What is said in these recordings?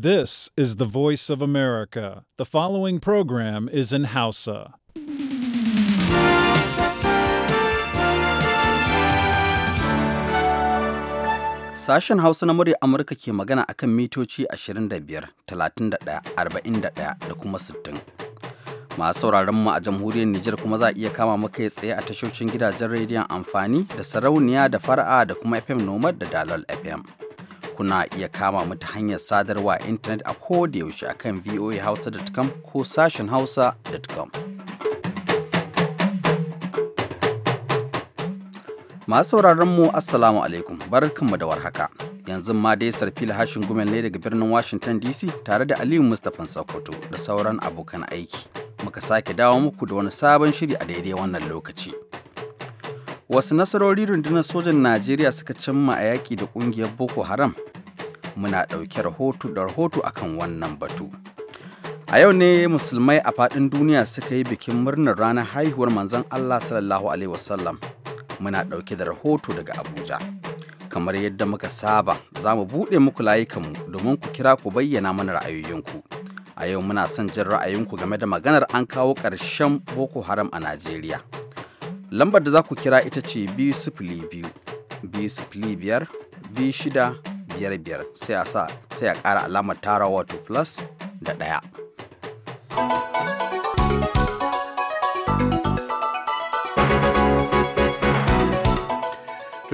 This is the voice of America. The following program is in Hausa. Sashen Hausa na murya Amurka ke magana akan mitoci 25, 31, 41 da kuma 60. Masu sauraron mu a jamhuriyar Nijar kuma za a iya kama maka tsaye a tashoshin gidajen rediyon amfani da sarauniya da fara'a da kuma FM Nomad da Dalal FM. kuna iya kama mu ta hanyar sadarwa intanet a koda yaushe a akan voahausa.com ko sashen hausa.com. Masu sauraron mu Assalamu alaikum barkanmu da warhaka. Yanzu ma dai sarfi hashin gumel ne daga birnin Washington DC tare da Aliyu Mustapha Sokoto da sauran abokan aiki. Muka sake dawo muku da wani sabon shiri a daidai wannan lokaci. wasu nasarori rundunar sojan najeriya suka cimma a yaƙi da ƙungiyar boko haram muna ɗauke rahoto da rahoto akan wannan batu a yau ne musulmai a faɗin duniya suka yi bikin murnar ranar haihuwar manzon allah sallallahu alaihi wasallam muna ɗauke da rahoto daga abuja kamar yadda muka saba za mu buɗe muku layukanmu domin ku kira ku bayyana mana ra'ayoyinku a yau muna son jin ra'ayinku game da maganar an kawo ƙarshen boko haram a najeriya lambar da za ku kira ita ce biyu sifili biyu biyu sifili biyar biyu shida biyar biyar sai a sa sai a ƙara alamar tara wato plus da ɗaya.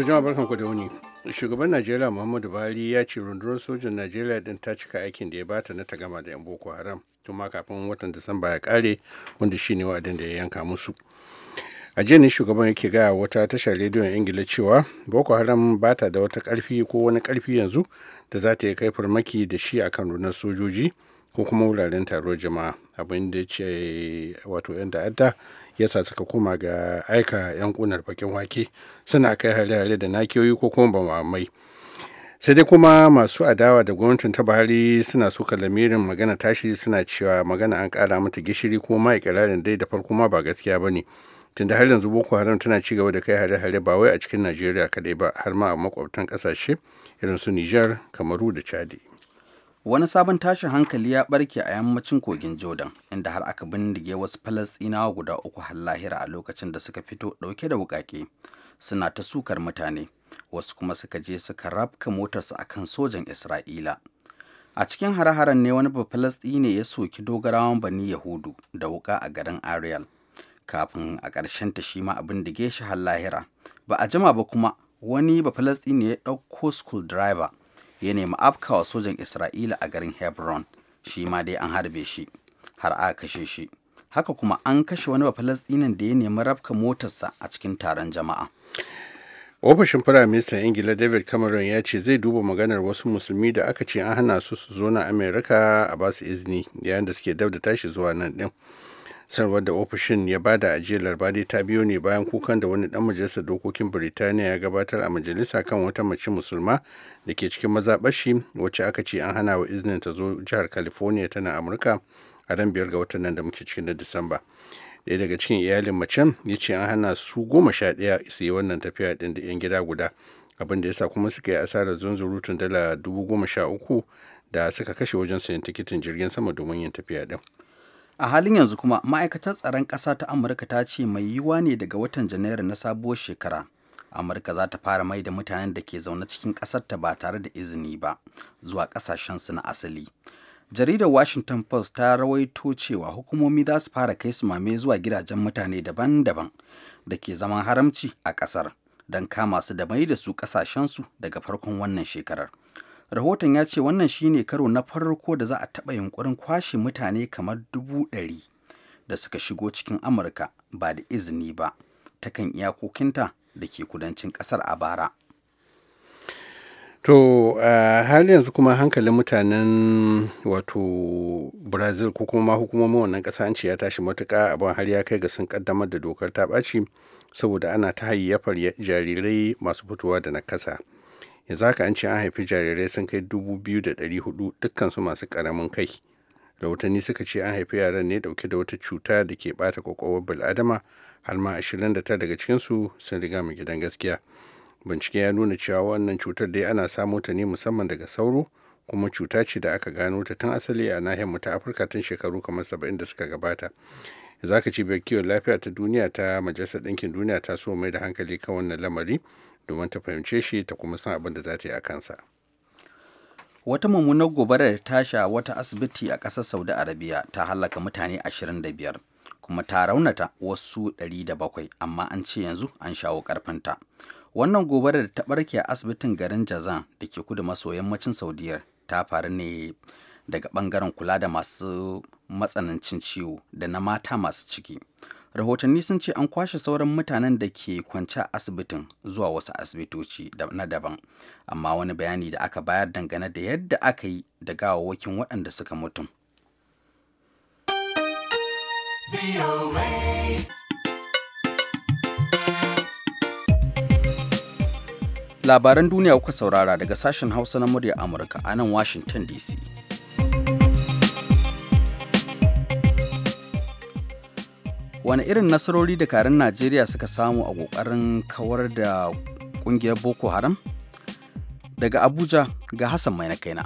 jama'a barkan ku da wuni shugaban najeriya muhammadu buhari ya ce rundunar sojan najeriya din ta cika aikin da ya bata na ta gama da yan boko haram tun ma kafin watan disamba ya kare wanda shine wa'adin da ya yanka musu a jiya ne shugaban yake gaya wata tashar rediyon ingila cewa boko haram ba ta da wata karfi ko wani karfi yanzu da za ta yi kai farmaki da shi akan runar sojoji ko kuma wuraren taron jama'a abin da ce wato yan ta'adda ya sa suka koma ga aika yan kunar bakin wake suna kai hare-hare da nakiyoyi ko kuma ba mamai sai dai kuma masu adawa da gwamnatin ta buhari suna suka lamirin magana tashi suna cewa magana an kara mata gishiri ko ma dai da farko ma ba gaskiya ba ne tunda har yanzu boko haram tana ci gaba da kai hare-hare ba wai a cikin najeriya kadai ba har ma a makwabtan kasashe irin su nijar kamaru da chadi wani sabon tashin hankali ya barke a yammacin kogin jordan inda har aka bindige wasu falastinawa guda uku har lahira a lokacin da suka fito dauke da wukake suna ta sukar mutane wasu kuma suka je suka rafka motarsu kan sojan isra'ila a cikin hare-haren ne wani ne ya soki dogarawan bani yahudu da wuka a garin ariel kafin a ƙarshen ta shi ma abin da shi har lahira ba a jima ba kuma wani ba falastini ya ɗauko school driver ya nemi afkawa sojan isra'ila a garin hebron shi ma dai an harbe shi har aka kashe shi haka kuma an kashe wani falastinin da ya nemi rafka motarsa a cikin taron jama'a ofishin firaministan ingila david cameron ya ce zai duba maganar wasu musulmi da aka ce an hana su su zo na amerika a basu izini yayin da suke dab da tashi zuwa nan din sanarwar da ofishin ya bada a jiya larbadi ta biyo ne bayan kukan da wani dan majalisar dokokin birtaniya ya gabatar a majalisa kan wata mace musulma da ke cikin mazaɓashi wacce aka ce an hana wa iznin ta zo jihar california tana amurka a ran biyar ga watan nan da muke cikin na disamba ɗaya daga cikin iyalin macen ya ce an hana su goma sha ɗaya su yi wannan tafiya ɗin da 'yan gida guda abin da ya sa kuma suka yi asarar zunzurutun dala dubu goma sha uku da suka kashe wajen sayan tikitin jirgin sama domin yin tafiya ɗin. a halin yanzu kuma ma'aikatar tsaron ƙasa ta amurka ta ce mai yiwuwa ne daga watan janairu na sabuwar shekara amurka za ta fara mai da mutanen da ke zaune cikin ƙasar ta ba tare da izini ba zuwa ƙasashen su na asali jaridar washington post ta rawaito cewa hukumomi za su fara kai su mame zuwa gidajen mutane daban-daban da ke zaman haramci a ƙasar don kama su da mai da su ƙasashen su daga farkon wannan shekarar rahoton ya ce wannan shine karo na farko da za a taɓa yunkurin kwashe mutane kamar dubu ɗari da suka shigo cikin amurka ba da izini ba ta kan iyakokinta da ke kudancin ƙasar a bara to hali yanzu kuma hankalin mutanen wato brazil ko kuma hukumomin wannan ƙasa an ce ya tashi matuƙa abin har ya kai ga sun ƙaddamar da dokar ta ɓaci saboda ana ta hayyafar jarirai masu fitowa da na kasa yanzu ka an ce an haifi jarirai sun kai dubu biyu da 2,400 dukkansu masu karamin kai rahotanni suka ce an haifi yaran ne dauke da wata cuta da ke bata kwakwalwar bil'adama har ma 29 daga cikinsu sun riga mu gidan gaskiya bincike ya nuna cewa wannan cutar dai ana samo ta ne musamman daga sauro kuma cuta ce da aka gano ta tun asali a nahiyar mu ta afirka tun shekaru kamar saba'in da suka gabata zaka ka cibiyar kiwon lafiya ta duniya ta majalisar ɗinkin duniya ta so mai da hankali kan wannan lamari domin ta fahimce shi ta kuma san abin da za ta yi a kansa wata mummunar gobara da ta sha wata asibiti a ƙasar saudi arabia ta halaka mutane 25 kuma ta raunata wasu 700 amma an ce yanzu an shawo ƙarfinta wannan gobarar da ta barke a asibitin garin jazan da ke kudu maso yammacin saudiyar ta faru ne daga ɓangaren kula da masu matsanancin ciwo da na mata masu ciki rahotanni sun ce an kwashe sauran mutanen da ke kwance a asibitin zuwa wasu asibitoci na daban amma wani bayani da aka bayar dangane da yadda aka yi da gawawwakin waɗanda suka mutum labaran duniya kuka saurara daga sashen hausa na murya amurka a nan washington dc wani irin nasarori da karin najeriya suka samu a kokarin kawar da kungiyar boko haram daga abuja ga hassan mai na kaina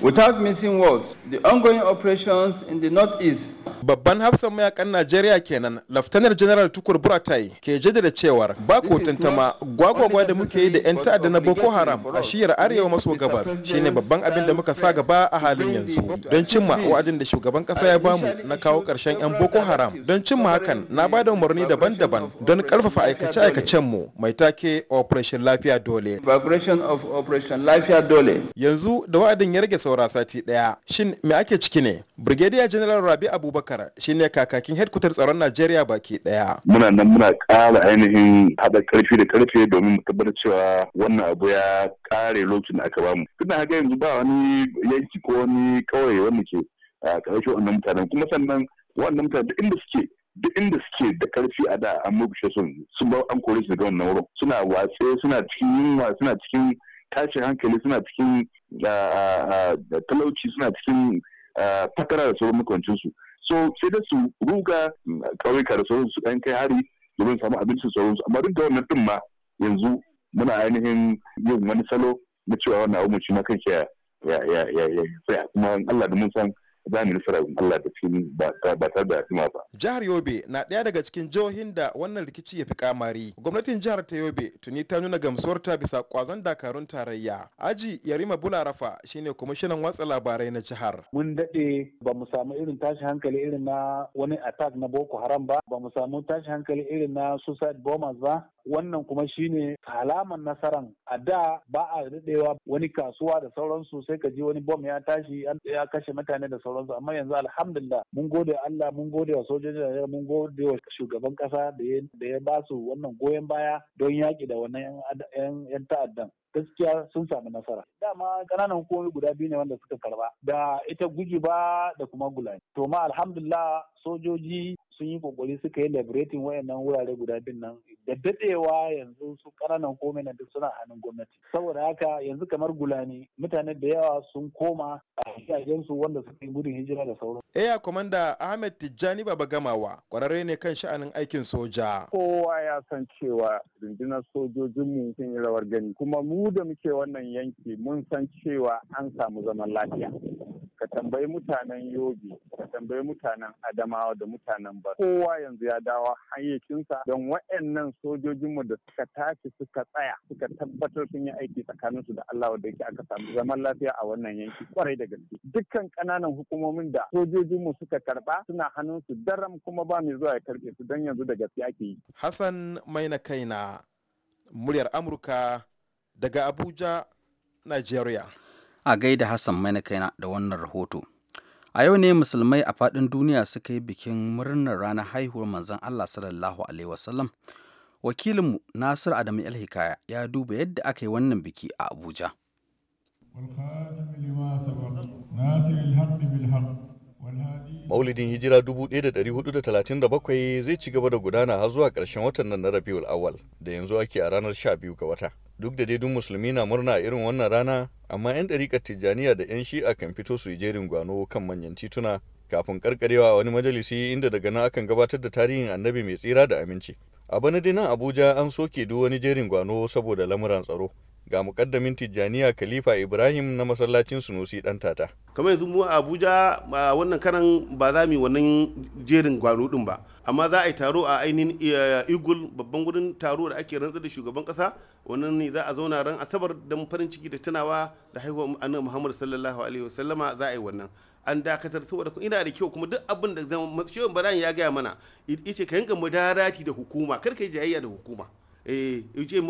without missing words the ongoing operations in the northeast babban hafsan mayakan najeriya kenan laftanar general tukur buratai ke jaddada cewar ba ko tantama gwagwagwa da muke yi da yan ta'adda na boko haram a shiyar arewa maso gabas shine babban abin da muka sa gaba a halin yanzu don cimma wa'adin da shugaban kasa ya bamu na kawo karshen yan boko haram don cimma hakan na bada umarni daban-daban don karfafa aikace-aikacen mu mai take operation lafiya dole yanzu da wa'adin ya rage saura sati daya shin me ake ciki ne brigadier general rabi abubakar Abubakar shine kakakin headquarter tsaron Najeriya baki daya. Muna nan muna kara ainihin hada karfi da karfe domin mu tabbatar cewa wannan abu ya kare lokacin da aka mu. Tunda haka yanzu ba wani yanki ko wani ƙauye wanda ke a karshe wannan mutanen kuma sannan wannan mutane duk inda suke duk inda suke da karfi a da an mabushe sun sun ba an kore su daga wannan wurin suna watse suna cikin yunwa suna cikin tashin hankali suna cikin talauci suna cikin takara da sauran makamancin su so sai da su ruga ƙauyuka da sauransu su ɗan kai hari domin samu abinci sauransu amma duk da wannan ɗin ma yanzu muna ainihin yin wani salo na cewa wannan abu shi ma kanshi ya tsaya kuma Allah da mun san za mu nasara Allah da cikin ba tare da hima ba. Jihar Yobe na ɗaya daga cikin jihohin da wannan rikici ya fi kamari. Gwamnatin jihar ta Yobe tuni ta nuna gamsuwar ta bisa kwazon dakarun tarayya. Aji Yarima Bularafa shine kwamishinan watsa labarai na jihar. Mun daɗe ba mu samu irin tashi hankali irin na wani attack na Boko Haram ba, ba mu samu tashi hankali irin na suicide bombers ba, wannan kuma shine alaman nasaran a da ba a daɗewa wani kasuwa da sauransu sai ka ji wani bom ya tashi ya kashe mutane da sauransu. sauransu amma yanzu alhamdulillah mun gode Allah mun gode wa sojojin da mun gode wa shugaban kasa da ya ba su wannan goyon baya don yaki da wannan yan ta'addan gaskiya sun sami nasara dama kananan komai guda biyu ne wanda suka karba da ita guji ba da kuma gulani to ma alhamdulillah sojoji sun yi kokari suka yi liberating wayannan wurare guda biyun nan da dadewa yanzu su kananan komai na duk suna hannun gwamnati saboda haka yanzu kamar gulani mutane da yawa sun koma a gidajen su wanda suka yi gudun hijira da sauran eya komanda ahmed tijjani baba gamawa kwararre ne kan sha'anin aikin soja kowa ya san cewa rundunar sojojinmu sun yi rawar gani kuma mu da muke wannan yanki mun san cewa an samu zaman lafiya ka tambayi mutanen yobe ka tambayi mutanen adamawa da mutanen bar kowa yanzu ya dawo hayyacinsa don waɗannan sojojinmu da suka tashi suka tsaya suka tabbatar sun yi aiki tsakaninsu da Allah wanda yake aka samu zaman lafiya a wannan yanki kwarai da gaske dukkan ƙananan hukumomin da sojojinmu suka karɓa suna hannunsu daram kuma ba mu zuwa ya karɓe su don yanzu da gaske ake yi Hassan Maina Kaina muryar Amurka daga Abuja, Nigeria. A gaida Hassan kaina da wannan rahoto. A yau ne musulmai a faɗin duniya suka yi bikin murnar ranar haihuwar manzon Allah sallallahu Alaihi wasallam. Wakilinmu Nasir Adamu Hikaya ya duba yadda aka yi wannan biki a Abuja. Maulidin Hijira 1437 zai ci gaba da gudana har zuwa ƙarshen watan nan na Rabiul Awwal da yanzu ake a ranar 12 ga wata. Duk da daidun musulmi na murna a irin wannan rana, amma 'yan ɗariƙar Tijjaniya da 'yan Shi'a kan fito su yi jerin gwano kan manyan tituna kafin karkarewa wani majalisi inda daga nan akan gabatar da tarihin annabi mai tsira da aminci. A bana dai nan Abuja an soke duk wani jerin gwano saboda lamuran tsaro. ga mukaddamin tijjaniya kalifa ibrahim na masallacin sunusi dan tata kamar yanzu mu a abuja wannan karan ba za mu wannan jerin gwano din ba amma za a yi taro a ainihin igul eh, babban gudun taro da ake rantsar da shugaban kasa wannan ne za a zauna ran asabar don farin ciki da tunawa da haihuwar annabi muhammad sallallahu alaihi wasallama za a yi wannan an dakatar saboda ina da kyau kuma duk abin da zama shehu baran ya gaya mana ice ka yanka mudarati da hukuma kar ka yi jayayya da hukuma Eh, ce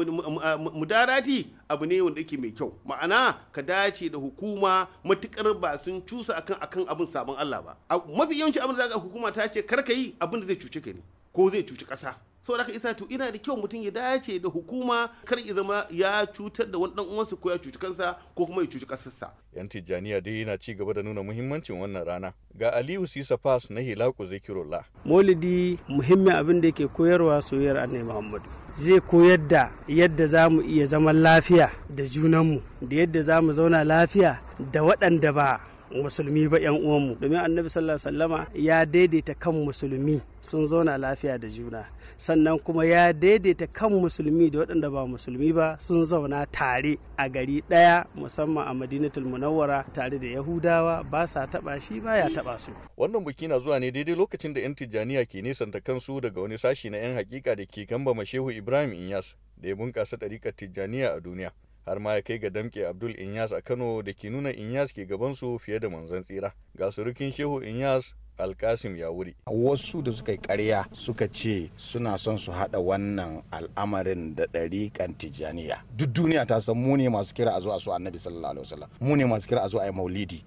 mudarati abu ne wanda yake mai kyau ma'ana ka dace da hukuma matukar ba sun cusa akan akan abin sabon Allah ba mafi yawanci abin da hukuma ta ce kar ka yi abin da zai cuci ka ne ko zai cuci ƙasa saboda isa to ina da kyau mutum ya dace da hukuma kar ya zama ya cutar da wani dan uwansa ko ya cuci kansa ko kuma ya cuci kasarsa yan tijjaniya dai yana ci gaba da nuna muhimmancin wannan rana ga aliyu sisa fas na hilaku zikirullah maulidi muhimmin abin da ke koyarwa soyayyar annabi muhammadu zai koyar da yadda za mu iya zaman lafiya da junanmu da yadda za mu zauna lafiya da waɗanda ba musulmi ba yan uwanmu domin annabi sallallahu alaihi wasallama ya daidaita kan musulmi sun zauna lafiya da juna sannan kuma ya daidaita kan musulmi da waɗanda ba musulmi ba sun zauna tare a gari ɗaya musamman a madinatul munawwara tare da yahudawa ba sa taɓa shi ba ya taɓa su wannan biki na zuwa ne daidai lokacin da 'yan tijjaniya ke nesanta kansu daga wani sashi na 'yan hakika da ke gamba mashehu ibrahim inyas da ya bunƙasa ɗariƙar tijjaniya a duniya har ma ya kai ga damke Abdul Inyas a Kano da ke nuna Inyas ke gaban su fiye da manzan tsira. Ga surukin Shehu Inyas alkasim ya wuri wasu da suka yi karya suka ce suna son su hada wannan al'amarin da ɗariƙan tijjaniya duk duniya ta san mu ne masu kira a zo a so annabi sallallahu alaihi wasallam mu ne masu kira a zo a yi maulidi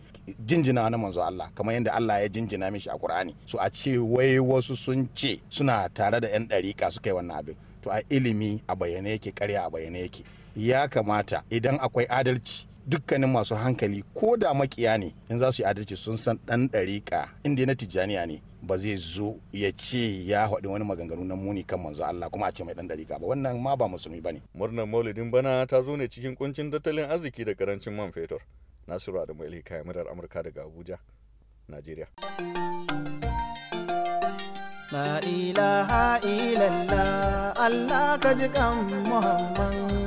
jinjina na manzo Allah kamar yadda Allah ya jinjina mishi a Qur'ani su a ce wai wasu sun ce suna tare da yan ɗariƙa suka yi wannan abin to a ilimi a bayyane yake karya a bayyane yake ya kamata idan akwai adalci dukkanin masu hankali ko da makiya ne in za su yi adalci sun san ɗan ɗariƙa inda na tijjaniya ne ba zai zo ya ce ya haɗu wani maganganu na muni kan manzo Allah kuma a ce mai dan ɗariƙa ba wannan ma ba musulmi ba ne. Murnar maulidin bana ta zo ne cikin kuncin tattalin arziki da karancin man fetur. Nasiru Adamu kayan Murar Amurka daga Abuja, Najeriya. La ilaha illallah Allah ka ji kan Muhammad.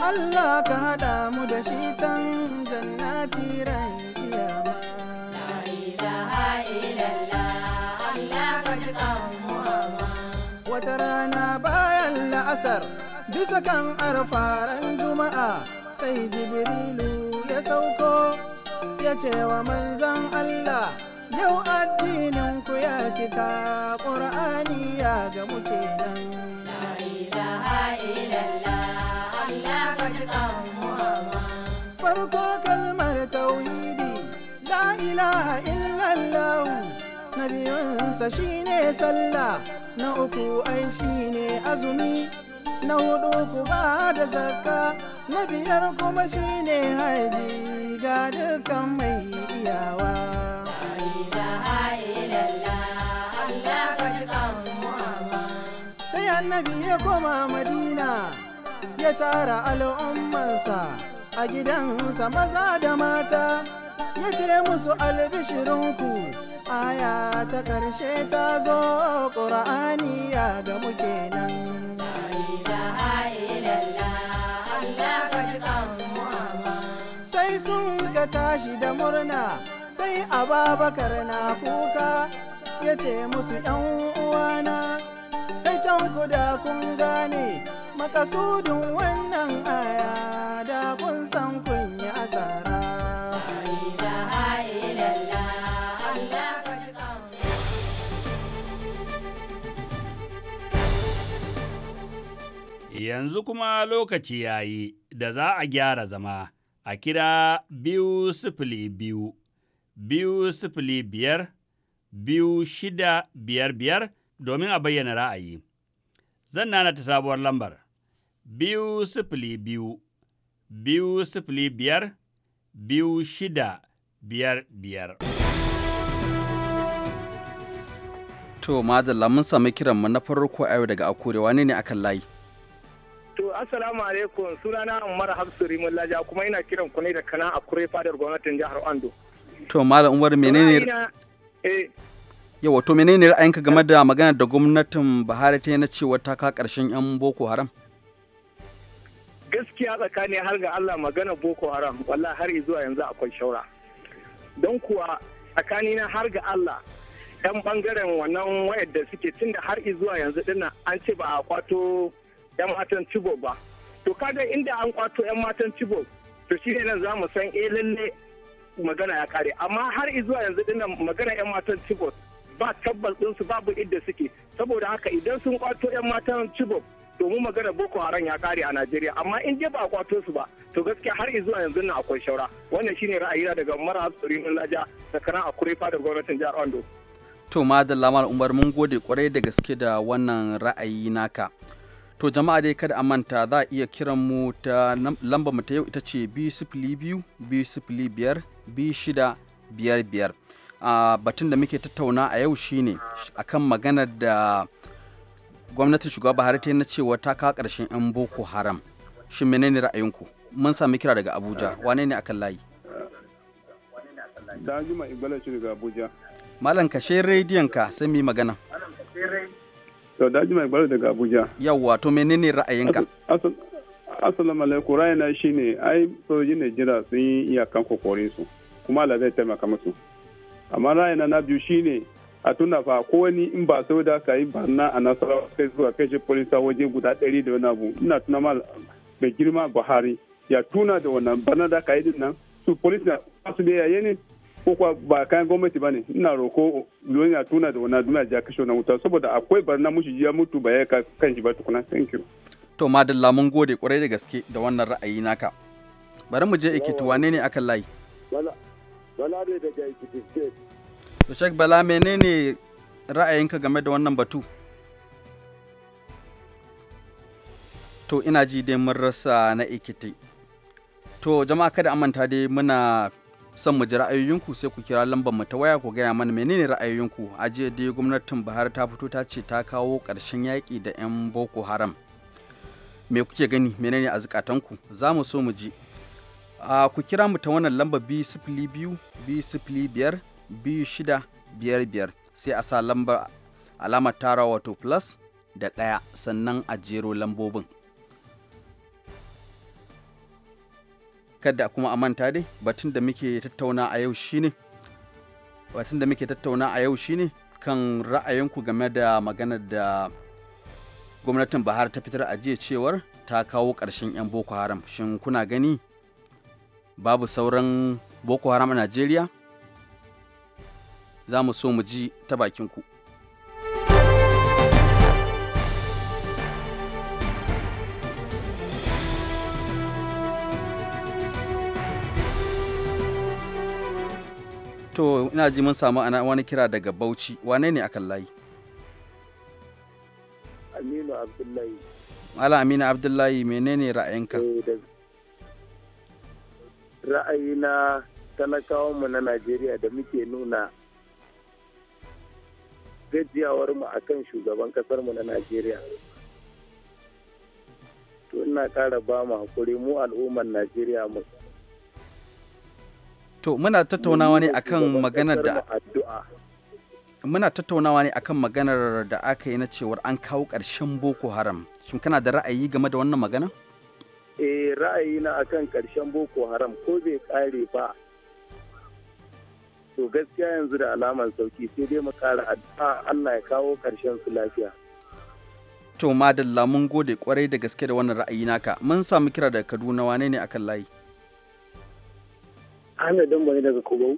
Allah ka haɗa mu da shi can jannati ran Wata rana bayan la'asar bisa kan arfaren juma'a sai Jibrilu ya sauko ya ce wa manzan Allah yau addinin ku ya cika ƙur'ani ya ga muke nan. ilaha illallah na biyunsa shine sallah na uku ai shine azumi na hudu ku ba da zakka na biyar kuma shine haji ga dukkan mai iyawa sai annabi ya koma madina ya tara al'ummarsa a gidansa maza da mata ya ce musu albishirinku aya ta ƙarshe ta zo ƙura'ani ya ga muke nan sai sun ga tashi da murna sai ababakar na kuka ya ce musu yan uwana kai can ku da kun gane makasudin wannan aya yanzu kuma lokaci ya yi da za a gyara zama a kira biyu sifili biyu, biyu sifili biyar, biyu shida biyar biyar domin a bayyana ra'ayi. Zan nana ta sabuwar lambar, biyu sifili biyu, biyu sifili biyar, biyu shida biyar biyar. To, da mun sami kiranmu na farko a yau daga akurewa ne ne akan layi. To assalamu alaikum sunana Umar Hafsu Rimin Laja kuma ina kiran ku ne da kana a kure fadar gwamnatin jihar Ondo. To Malam Umar menene eh. Yawa to menene ra'ayinka game da magana da gwamnatin Buhari ta yi na cewa ta ka karshen 'yan Boko Haram? Gaskiya tsakani har ga Allah magana Boko Haram wallahi har zuwa yanzu akwai shaura. Don kuwa tsakani na har ga Allah yan bangaren wannan wayar da suke tunda har zuwa yanzu dinnan an ce ba a kwato 'yan matan cibo ba to kada inda an kwato 'yan matan cibo to shi nan za mu san eh lalle magana ya kare amma har zuwa yanzu dinnan magana 'yan matan cibo ba tabbas su babu idda suke saboda haka idan sun kwato 'yan matan cibo domin magana boko haram ya kare a najeriya amma in je ba a kwato su ba to gaskiya har zuwa yanzu na akwai shaura wannan shine ra'ayina daga mara hatsarin laja a kure fadar gwamnatin jihar ondo to madalla umar mun gode kwarai da gaske da wannan ra'ayi naka to jama'a dai kada a manta za a iya kiran mu ta lamba mu ta yau ita ce biyu sifili biyu biyu biyar biyu shida biyar biyar a batun da muke tattauna a yau shine akan maganar da gwamnatin shugaba buhari ta na cewa ta kawo ƙarshen 'yan boko haram shi menene ra'ayinku mun sami kira daga abuja wane ne akan layi malam kashe rediyon ka sai mu yi magana to daji mai baro daga abuja yawwa to menene ra'ayinka assalamu alaikum ra'ayina shine ai sojojin najeriya sun yi iyakan kokorin su kuma Allah zai taimaka musu amma ra'ayi na biyu shine a tuna fa ko wani in ba sau da ka yi barna a nasarawa kai zuwa kai shi polisa waje guda ɗari da wani abu ina tuna ma mai girma buhari ya tuna da wannan barna da ka yi din nan su polisa su da yaye ne ko kuwa ba kayan gwamnati ba ne ina roko ya tuna da wani duniya ja kashe wani wuta saboda akwai barna mushi ya mutu ba ya kan shi ba tukuna thank you to madalla mun gode kwarai da gaske da wannan ra'ayi naka bari mu je ikiti wane ne akan layi bala ne daga ikiti state to shek bala menene ra'ayinka game da wannan batu to ina ji dai mun rasa na ikiti to jama'a kada amanta dai muna son mu ji ra'ayoyinku sai ku kira lambar mu ta waya ku gaya mana menene ra'ayoyinku a jiya dai gwamnatin Buhari ta fito ta ce ta kawo ƙarshen yaƙi da 'yan Boko Haram me kuke gani menene a ku za mu so mu ji a ku kira mu ta wannan lamba b sifili biyu b sifili biyar biyu shida biyar biyar sai a sa lambar alamar tara wato plus da ɗaya sannan a jero lambobin kada kuma a manta dai batun da muke tattauna a yau shine batun da muke tattauna a yau shine kan ra'ayinku game da maganar da gwamnatin bahar ta fitar a jiya cewar ta kawo ƙarshen 'yan Boko Haram shin kuna gani babu sauran Boko Haram a Najeriya za mu so mu ji ta bakinku. to ina ji mun samu ana wani kira daga bauchi wane ne akan layi aminu abdullahi mala aminu abdullahi menene ra'ayinka eh, ra'ayina mu na najeriya da muke nuna gajiyawarmu a kan shugaban mu na najeriya to ina kara ba mu hakuri mu al'ummar najeriya mu To muna tattaunawa ne akan maganar da muna tattaunawa ne akan maganar da aka yi na cewar an kawo ƙarshen Boko Haram. Shin kana da ra'ayi game da wannan magana? Eh ra'ayi ra'ayina akan ƙarshen Boko Haram ko bai ƙare ba. To gaskiya yanzu da alaman sauki sai dai mu ƙara addu'a Allah ya kawo ƙarshen su lafiya. To madalla mun gode kwarai da gaske da wannan ra'ayi naka. Mun samu kira daga Kaduna wane ne akan layi? Ahmed bane daga Kogo.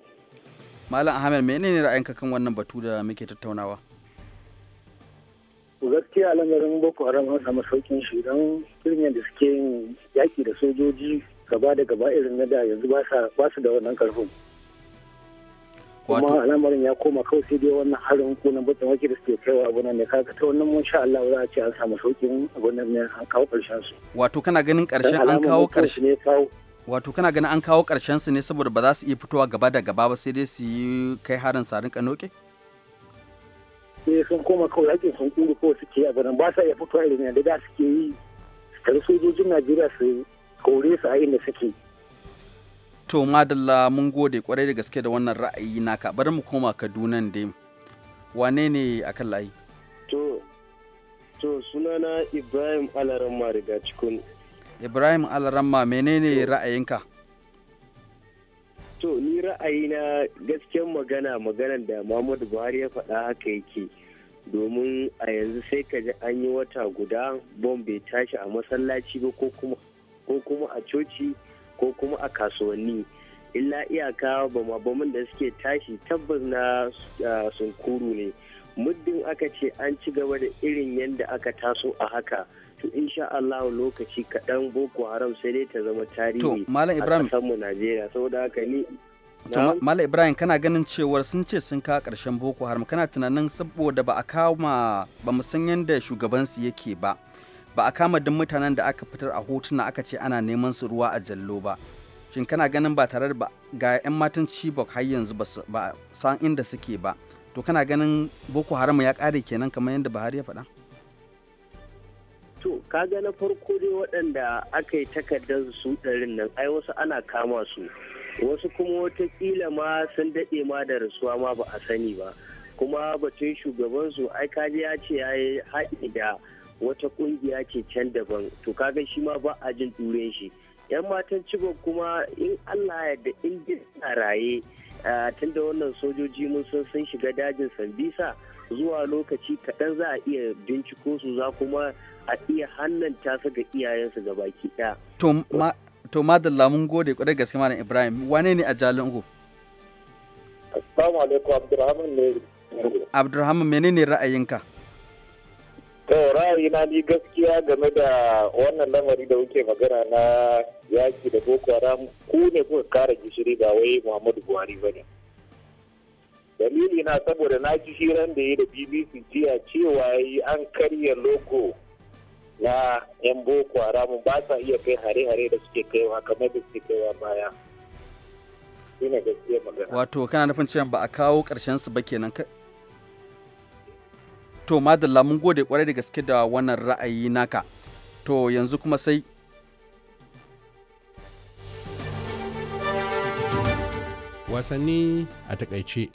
Malam Ahmed menene ra'ayinka kan wannan batu da muke tattaunawa? To gaskiya lamarin Boko Haram an samu saukin shi don firmin da suke yin yaki da sojoji gaba da gaba irin na da yanzu ba su da wannan karfin. kuma al'amarin ya koma kawai sai dai wannan harin kunan batun wakil da suke kaiwa abu nan ne kaga ta wannan mun sha Allah za a ce an samu saukin abu nan ne an kawo karshen su wato kana ganin karshen an kawo karshen ne kawo wato kana ganin an kawo ƙarshen su ne saboda ba za su iya fitowa gaba da gaba ba sai dai su yi kai harin sarin kanoke? eh sun koma kawai yakin sun kuru ko suke a garin ba sa iya fitowa irin yadda da suke yi kare sojojin najeriya su kore su a inda suke to madalla mun gode kwarai da gaske da wannan ra'ayi naka bari mu koma kaduna dai wane ne akan layi to to sunana ibrahim alaran mariga cikin ibrahim alaramma menene ra'ayinka to ni na gasken magana maganan da muhammadu buhari ya faɗa haka yake domin a yanzu sai ka ji an yi wata guda bom bai tashi a masallaci ba ko kuma a coci ko kuma a kasuwanni illa iyaka mabamin da suke tashi tabbas na sunkuru ne muddin aka ce an ci gaba da irin yadda aka taso a haka to insha Allah lokaci kaɗan Boko Haram sai dai ta zama tarihi Malam Ibrahim a Najeriya saboda haka ni To Malam Ibrahim kana ganin cewar sun ce sun kawo ƙarshen Boko Haram kana tunanin saboda ba a kama ba mu san yadda shugabansu yake ba ba a kama duk mutanen da aka fitar a hotuna aka ce ana neman su ruwa a jallo ba shin kana ganin ba tare da ga 'yan matan Chibok har yanzu ba san inda suke ba to kana ganin Boko Haram ya kare kenan kamar yadda Buhari ya faɗa? To, kaga na farko dai waɗanda aka yi takardar su ɗarin nan, ai wasu ana kama su, wasu kuma watakila ma sun daɗe ma da rasuwa ma ba a sani ba. Kuma batun shugabansu ai kaji ya ce ya yi haɗi da wata ƙungiya ce can daban, to kaga shi ma ba a jin turen shi. 'Yan matan cibo kuma in Allah ya da a raye. tun da wannan sojoji mun san sun shiga dajin sambisa zuwa lokaci kaɗan za a iya binciko su za kuma a iya hannanta su ga iyayensu ga baki ɗaya. To madalla mun gode kwarai gaske malam Ibrahim wane ne a jalin ku? Assalamu alaikum Abdulrahman ne. Abdulrahman menene ra'ayinka? To na ni gaskiya game da wannan lamari da kuke magana na yaki da Boko Haram ku ne kuka kara gishiri ba wai Muhammadu Buhari ba ne. Dalili na saboda na ji hiran da yi da BBC jiya cewa yi an karya logo na yan boko haramun ba sa iya kai hare-hare da suke kaiwa kamar da suke kaiwa baya shine gaskiya magana wato kana nufin cewa ba a kawo karshen su ba kenan to madalla mun gode kwarai da gaske da wannan ra'ayi naka to yanzu kuma sai wasanni a takaice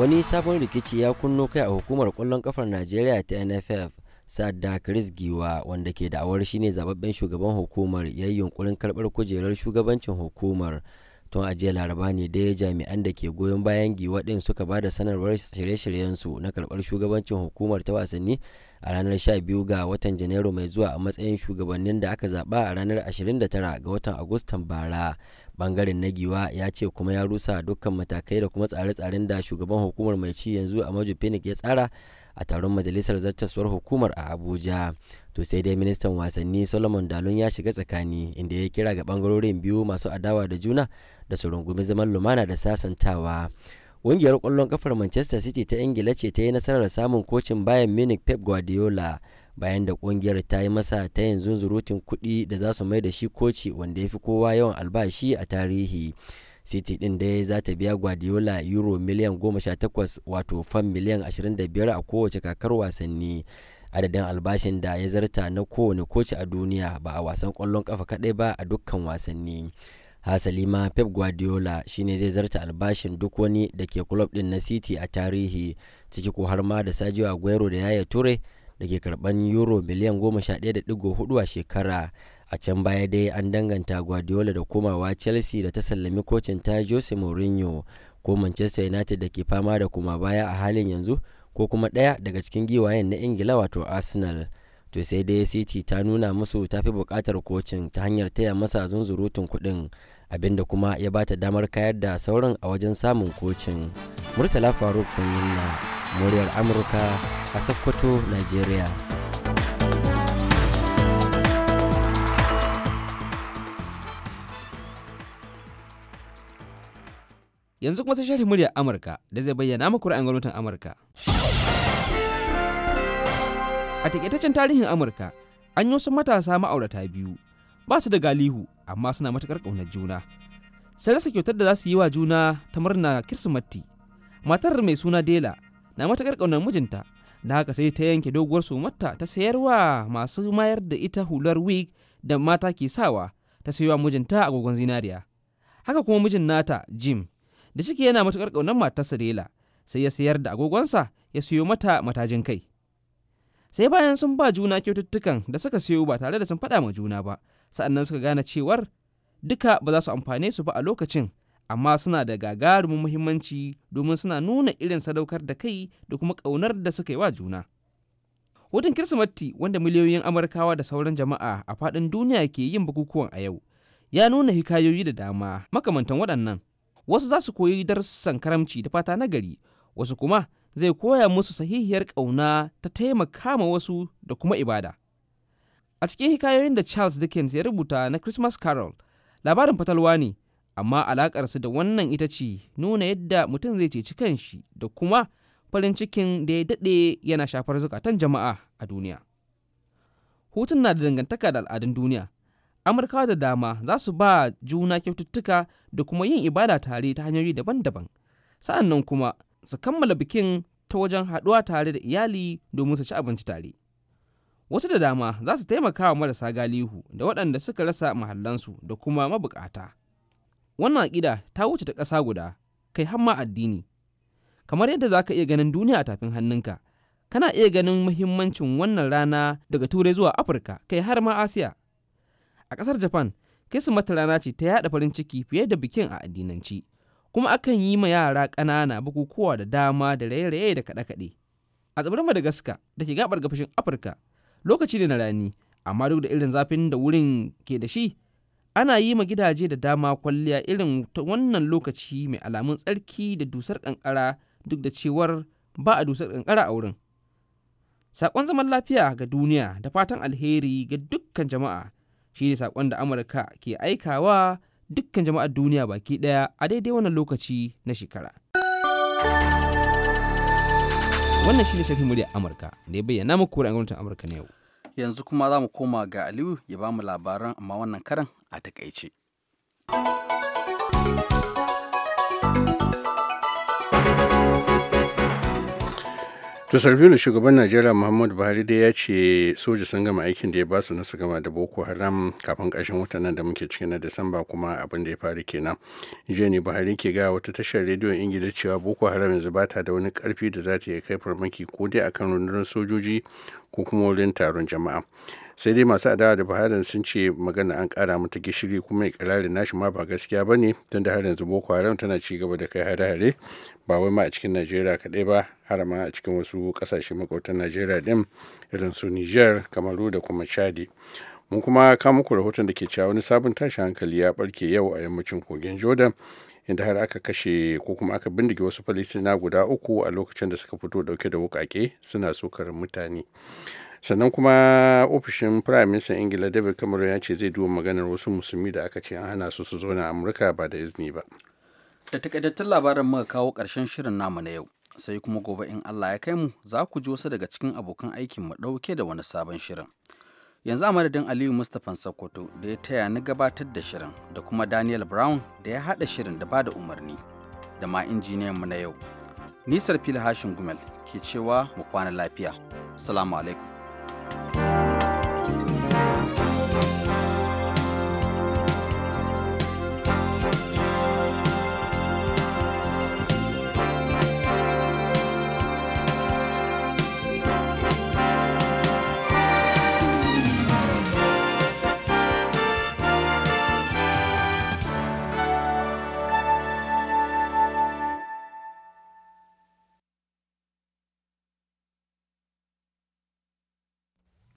wani sabon rikici ya kunno kai a hukumar kwallon kafar najeriya ta nff sadda chris giwa wanda ke da'awar shine zababben shugaban hukumar ya yi yunkurin karbar kujerar shugabancin hukumar tun a jiya laraba ne da ya jami'an da ke goyon bayan giwa din suka ba da sanarwar shirye-shiryensu na karbar shugabancin hukumar ta wasanni a ranar 12 ga watan janairu mai zuwa a matsayin shugabannin da aka zaba a ranar 29 ga watan agustan bara bangaren na giwa ya ce kuma ya rusa dukkan matakai da kuma tsare-tsaren da shugaban hukumar mai ci yanzu a maju phoenix ya tsara a taron majalisar zartaswar hukumar a abuja to sai dai ministan wasanni solomon dalun ya shiga tsakani inda ya kira ga bangarorin biyu masu adawa da juna da su rungumi zaman lumana da sasantawa ƙungiyar ƙwallon kafar manchester city ta ingila ce ta yi nasarar samun kocin bayan munich pep guardiola bayan da kungiyar ta yi masa ta yanzu zurutun kuɗi da za su mai da shi koci wanda ya fi kowa yawan albashi a tarihi city din dai za ta biya guardiola euro miliyan 18 wato fan miliyan 25 a kowace kakar wasanni adadin albashin da ya zarta na kowane koci a duniya ba a wasan kwallon kafa kadai ba a dukkan wasanni hasali ma pep guardiola shine zai zarta albashin duk wani da ke club din na city a tarihi ciki ko har ma da sajiwa aguero da yaya ture da ke karban euro miliyan 11.4 a shekara a can baya dai an danganta guardiola da komawa chelsea da ta sallami kocin ta jose mourinho ko manchester united da ke fama da kuma baya a halin yanzu ko kuma ɗaya daga cikin giwayen na ingila wato arsenal to sai dai city ta nuna musu ta fi bukatar kocin ta hanyar taya masa zunzurutun kuɗin abinda kuma ya bata damar kayar da sauran a wajen samun kocin murtala faruk sanyin na muryar amurka a sokoto nigeria yanzu kuma sai shari muryar amurka da zai bayyana muku ra'ayin gwamnatin amurka a takaitaccen tarihin amurka an yi wasu matasa ma'aurata biyu ba su da galihu amma suna matukar ƙaunar juna sai rasa kyautar da za su yi wa juna ta murna kirsimati matar mai suna dela na matuƙar ƙaunar mijinta da haka sai ta yanke doguwar sumarta ta sayarwa masu mayar da ita hular wig da mata ke sawa ta sayowa mijinta agogon zinariya haka kuma mijin nata jim da shike yana matuƙar ƙaunar matarsa dela sai ya sayar da agogonsa ya siyo mata matajin kai sai bayan sun ba juna kyaututtukan da suka siyo ba tare da sun faɗa ma juna ba sa'annan suka gane cewar duka ba za su amfane su ba a lokacin amma suna da gagarumin muhimmanci domin suna nuna irin sadaukar da kai da kuma ƙaunar da suka yi wa juna. Hutun Kirsimati wanda miliyoyin Amurkawa da sauran jama'a a faɗin duniya ke yin bukukuwan a yau ya nuna hikayoyi da dama makamantan waɗannan. Wasu za su koyi darussan karamci da fata nagari, wasu kuma zai koya musu sahihiyar ƙauna ta taimaka ma wasu da kuma ibada. A cikin hikayoyin da Charles Dickens ya rubuta na Christmas Carol, labarin fatalwa ne amma alaƙarsu da wannan ita ce nuna yadda mutum zai ceci shi da kuma farin cikin da ya daɗe yana shafar zukatan jama'a a duniya hutun na da dangantaka da al'adun duniya amurkawa da dama za su ba juna kyaututtuka da kuma yin ibada tare ta hanyoyi daban-daban sa'an nan kuma su kammala bikin ta wajen haɗuwa tare da iyali domin su ci abinci tare wasu da dama za su taimaka wa marasa galihu da waɗanda suka rasa mahallansu da kuma mabukata wannan aƙida ta wuce ta ƙasa guda kai har addini kamar yadda za ka iya ganin duniya a tafin hannunka kana iya ganin muhimmancin wannan rana daga turai zuwa afirka kai har ma asiya a ƙasar japan kirsimati rana ce ta yada farin ciki fiye da bikin a addinanci kuma akan yi ma yara ƙanana bukukuwa da dama da raye-raye da kaɗe-kaɗe a tsibirin madagascar da ke gabar gafashin afirka lokaci ne na rani amma duk da irin zafin da wurin ke da shi ana yi ma gidaje da dama kwalliya irin wannan lokaci mai alamun tsarki da dusar ƙanƙara duk da cewar ba a dusar ƙanƙara a wurin. Saƙon zaman lafiya ga duniya da fatan alheri ga dukkan jama'a shi ne saƙon da Amurka ke aikawa dukkan jama'ar duniya baki ɗaya a daidai wannan lokaci na shekara. Wannan shi ne shafin murya Amurka da ya bayyana muku ra'ayin gwamnatin Amurka na yau. yanzu kuma za mu koma ga aliyu ya ba mu labaran amma wannan karan a takaice to shugaban najeriya muhammadu buhari dai ya ce soja sun gama aikin da ya basu na su gama da boko haram kafin ƙarshen watan nan da muke ciki na disamba kuma abin da ya faru kenan jiya ne buhari ke ga wata tashar rediyon ingila cewa boko haram yanzu ba ta da wani karfi da za ta iya kai farmaki ko dai akan rundunar sojoji ko kuma wurin taron jama'a sai dai masu adawa da buharin sun ce magana an kara mata gishiri kuma ikirarin nashi ma ba gaskiya ba ne tun da har yanzu boko haram tana ci da kai hare-hare ba wai ma a cikin najeriya kaɗai ba har ma a cikin wasu ƙasashe makwabtan najeriya ɗin irin su niger kamaru da kuma chadi mun kuma kama muku rahoton da ke cewa wani sabon tashin hankali ya barke yau a yammacin kogin jordan inda har aka kashe ko kuma aka bindige wasu falistina guda uku a lokacin da suka fito dauke da wukake suna sokar mutane sannan kuma ofishin prime minister ingila david cameron ya ce zai duba maganar wasu musulmi da aka ce an hana su su zauna amurka ba da izini ba da takaitattun labarin muka kawo karshen shirin namu na yau sai kuma gobe in allah ya kai mu za ku ji wasu daga cikin abokan aikin mu ɗauke da wani sabon shirin yanzu a madadin aliyu mustapha sokoto da ya taya ni gabatar da shirin da kuma daniel brown da ya haɗa shirin da ba da umarni da ma mu na yau nisar fili hashin gumel ke cewa mu kwana lafiya salamu alaikum